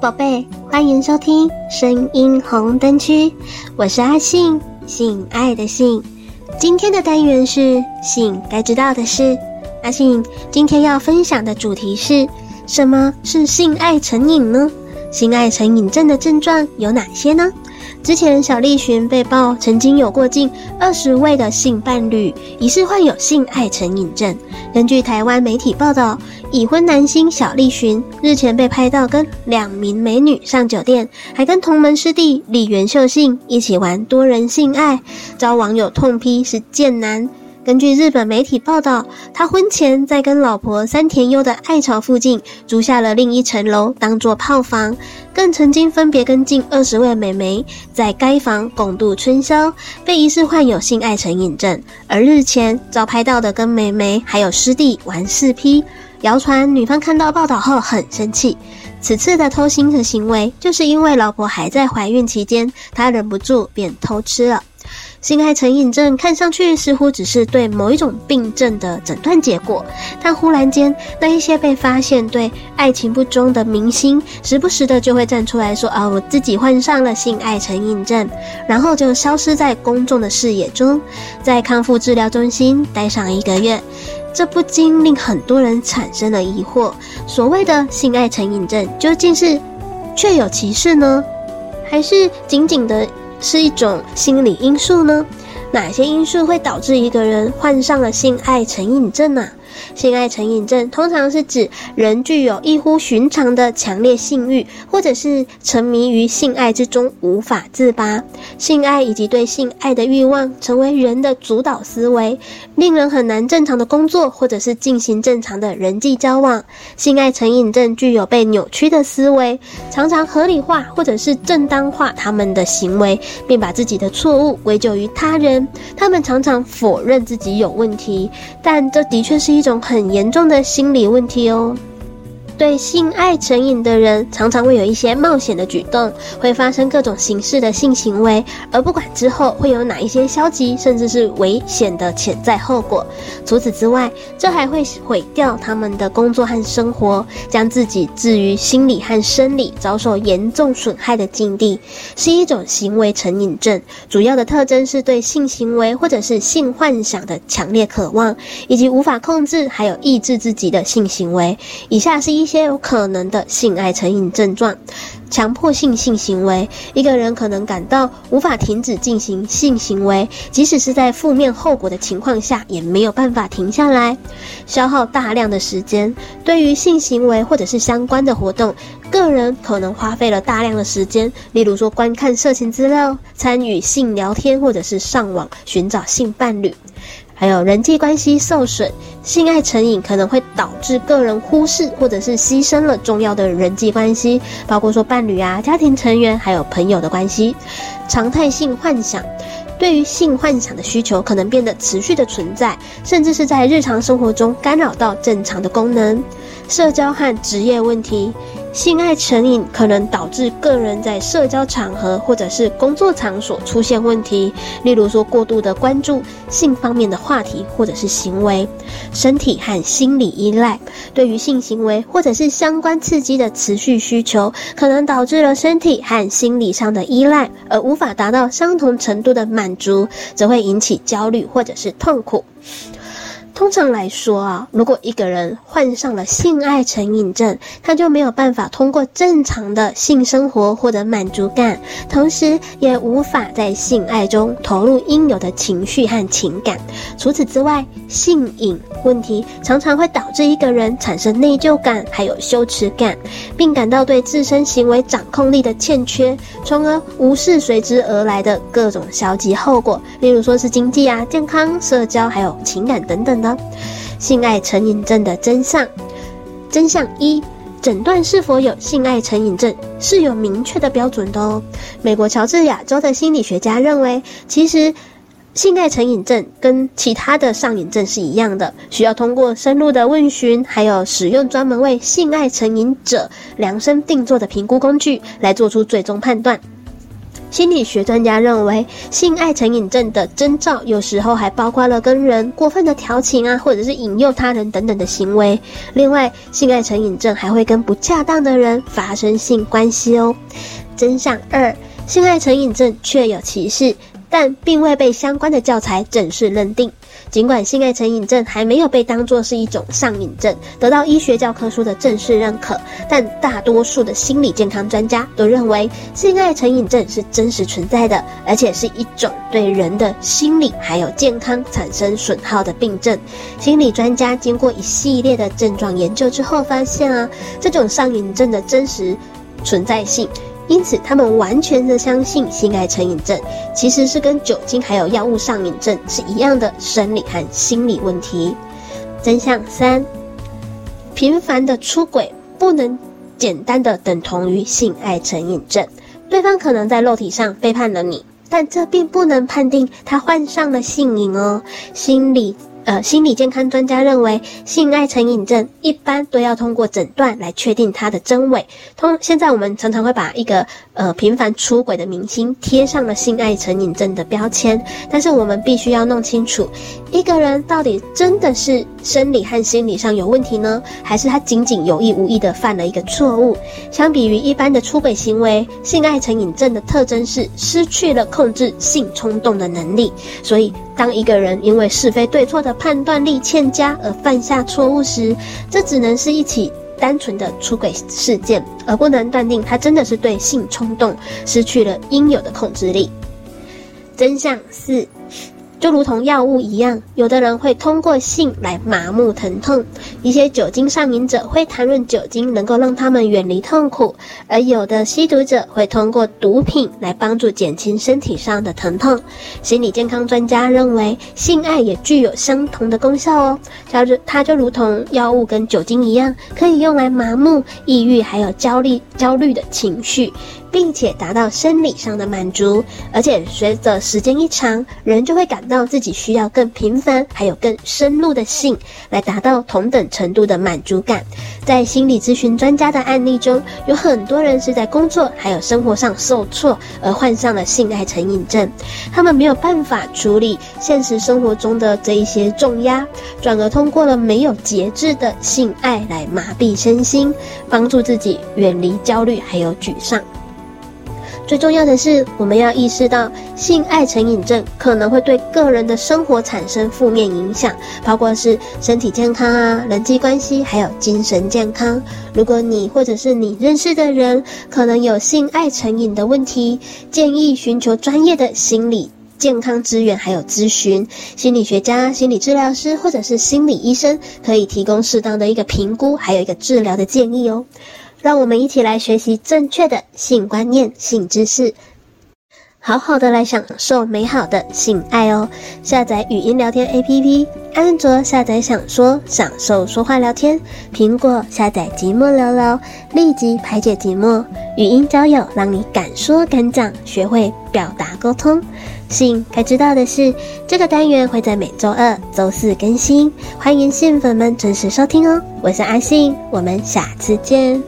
寶貝，歡迎收聽《聲音紅燈區》，我是阿信，性愛的性。今天的單元是性該知道的事。阿信今天要分享的主題是：什麼是性愛成癮呢？性愛成癮症的症狀有哪些呢？之前，小栗旬被爆曾經有過近二十位的性伴侶，疑似患有性愛成癮症。根據台灣媒體報道，已婚男星小栗旬日前被拍到跟兩名美女上酒店，還跟同門師弟李元秀信一起玩多人性愛，遭網友痛批是賤男。根據日本媒體報道，他婚前在跟老婆山田優的愛巢附近租下了另一層樓當做炮房，更曾經分別跟進二十位美眉，在該房共度春宵，被疑似患有性愛成癮症。而日前遭拍到的跟美眉還有師弟玩四 P，謠傳女方看到報道後很生氣。此次的偷腥的行為，就是因為老婆還在懷孕期間，他忍不住便偷吃了。性愛成癮症看上去似乎只是對某一種病症的診斷結果，但忽然間，那一些被發現對愛情不忠的明星，時不時的就會站出來說：“啊，我自己患上了性愛成癮症。”然後就消失在公眾的視野中，在康復治療中心待上一個月。這不禁令很多人產生了疑惑：所謂的性愛成癮症究竟是確有其事呢，還是僅僅的？是一種心理因素呢？哪些因素會導致一個人患上了性愛成癮症呢、啊？性愛成癮症通常是指人具有異乎尋常的強烈性慾，或者是沉迷於性愛之中無法自拔。性愛以及對性愛的慾望成為人的主導思維，令人很難正常的工作或者是進行正常的人際交往。性愛成癮症具有被扭曲的思維，常常合理化或者是正當化他們的行為，並把自己的錯誤歸咎於他人。他們常常否認自己有問題，但這的確是一個一種很嚴重的心理問題哦。對性愛成癮的人，常常會有一些冒險的舉動，會發生各種形式的性行為，而不管之後會有哪一些消極甚至是危險的潛在後果。除此之外，這還會毀掉他們的工作和生活，將自己置於心理和生理遭受嚴重損害的境地，是一種行為成癮症。主要的特徵是對性行為或者是性幻想的強烈渴望，以及無法控制還有抑制自己的性行為。以下是一些。一些有可能的性愛成癮症狀，強迫性性行為。一個人可能感到無法停止進行性行為，即使是在負面後果的情況下，也沒有辦法停下來。消耗大量的時間，對於性行為或者是相關的活動，個人可能花費了大量的時間，例如說觀看色情資料、參與性聊天或者是上網尋找性伴侶。還有人際關係受損，性愛成癮可能會導致個人忽視或者是犧牲了重要的人際關係，包括說伴侶啊、家庭成員還有朋友的關係。常態性幻想，對於性幻想的需求可能變得持續的存在，甚至是在日常生活中干擾到正常的功能、社交和職業問題。性愛成癮可能導致個人在社交場合或者是工作場所出現問題，例如說過度的關注性方面的話題或者是行為。身體和心理依賴對於性行為或者是相關刺激的持續需求，可能導致了身體和心理上的依賴，而無法達到相同程度的滿足，則會引起焦慮或者是痛苦。通常來說啊，如果一個人患上了性愛成癮症，他就沒有辦法通過正常的性生活獲得滿足感，同時也無法在性愛中投入應有的情緒和情感。除此之外，性癮問題常常會導致一個人產生內疚感，還有羞恥感，並感到對自身行為掌控力的欠缺，從而無視隨之而來的各種消極後果，例如說是經濟啊、健康、社交還有情感等等的。性愛成癮症的真相。真相一：診斷是否有性愛成癮症是有明確的標準的哦。美國喬治亞州的心理學家認為，其實性愛成癮症跟其他的上癮症是一樣的，需要通過深入的問詢，還有使用專門為性愛成癮者量身定做的評估工具，來做出最終判斷。心理學專家認為，性愛成癮症的徵兆有時候還包括了跟人過分的調情啊，或者是引誘他人等等的行為。另外，性愛成癮症還會跟不恰當的人發生性關係哦。真相二：性愛成癮症確有其事，但並未被相關的教材正式認定。儘管性愛成癮症還沒有被當作是一種上癮症，得到醫學教科書的正式認可，但大多數的心理健康專家都認為性愛成癮症是真實存在的，而且是一種對人的心理還有健康產生損耗的病症。心理專家經過一系列的症狀研究之後，發現啊，這種上癮症的真實存在性。因此，他們完全的相信性愛成癮症其實是跟酒精還有藥物上癮症是一樣的生理和心理問題。真相三：頻繁的出軌不能簡單的等同於性愛成癮症，對方可能在肉體上背叛了你，但這並不能判定他患上了性癮哦。心理。呃，心理健康專家認為，性愛成癮症一般都要通過診斷來確定它的真偽。通現在我們常常會把一個呃頻繁出軌的明星貼上了性愛成癮症的標籤，但是我們必須要弄清楚，一個人到底真的是生理和心理上有問題呢？還是他僅僅有意無意的犯了一個錯誤？相比於一般的出軌行為，性愛成癮症的特徵是失去了控制性衝動的能力。所以。當一個人因為是非對錯的判斷力欠佳而犯下錯誤時，這只能是一起單純的出軌事件，而不能斷定他真的是對性衝動失去了應有的控制力。真相四。就如同藥物一樣，有的人會通過性來麻木疼痛，一些酒精上癮者會談論酒精能夠讓他們遠離痛苦，而有的吸毒者會通過毒品來幫助減輕身體上的疼痛。心理健康專家認為，性愛也具有相同的功效哦。它就它就如同藥物跟酒精一樣，可以用來麻木抑鬱還有焦慮焦慮的情緒。並且達到生理上的滿足，而且隨着時間一長，人就會感到自己需要更頻繁，還有更深入的性，來達到同等程度的滿足感。在心理諮詢專家的案例中，有很多人是在工作還有生活上受挫而患上了性愛成癮症，他們沒有辦法處理現實生活中的這一些重壓，轉而通過了沒有節制的性愛來麻痹身心，幫助自己遠離焦慮還有沮喪。最重要的是，我們要意識到性愛成癮症可能會對個人的生活產生負面影響，包括是身體健康啊、人際關係，還有精神健康。如果你或者是你認識的人可能有性愛成癮的問題，建議尋求專業的心理健康資源還有諮詢。心理學家、心理治療師或者是心理醫生可以提供適當的一個評估，還有一個治療的建議哦。讓我們一起來學習正確的性觀念、性知識，好好的來享受美好的性愛哦！下載語音聊天 APP，安卓下載享說享受說話聊天，蘋果下載寂寞聊聊，立即排解寂寞。語音交友，讓你敢說敢講，學會表達溝通。性該知道的事，這個單元會在每周二、周四更新，歡迎性粉們準時收聽哦！我是阿信，我們下次見。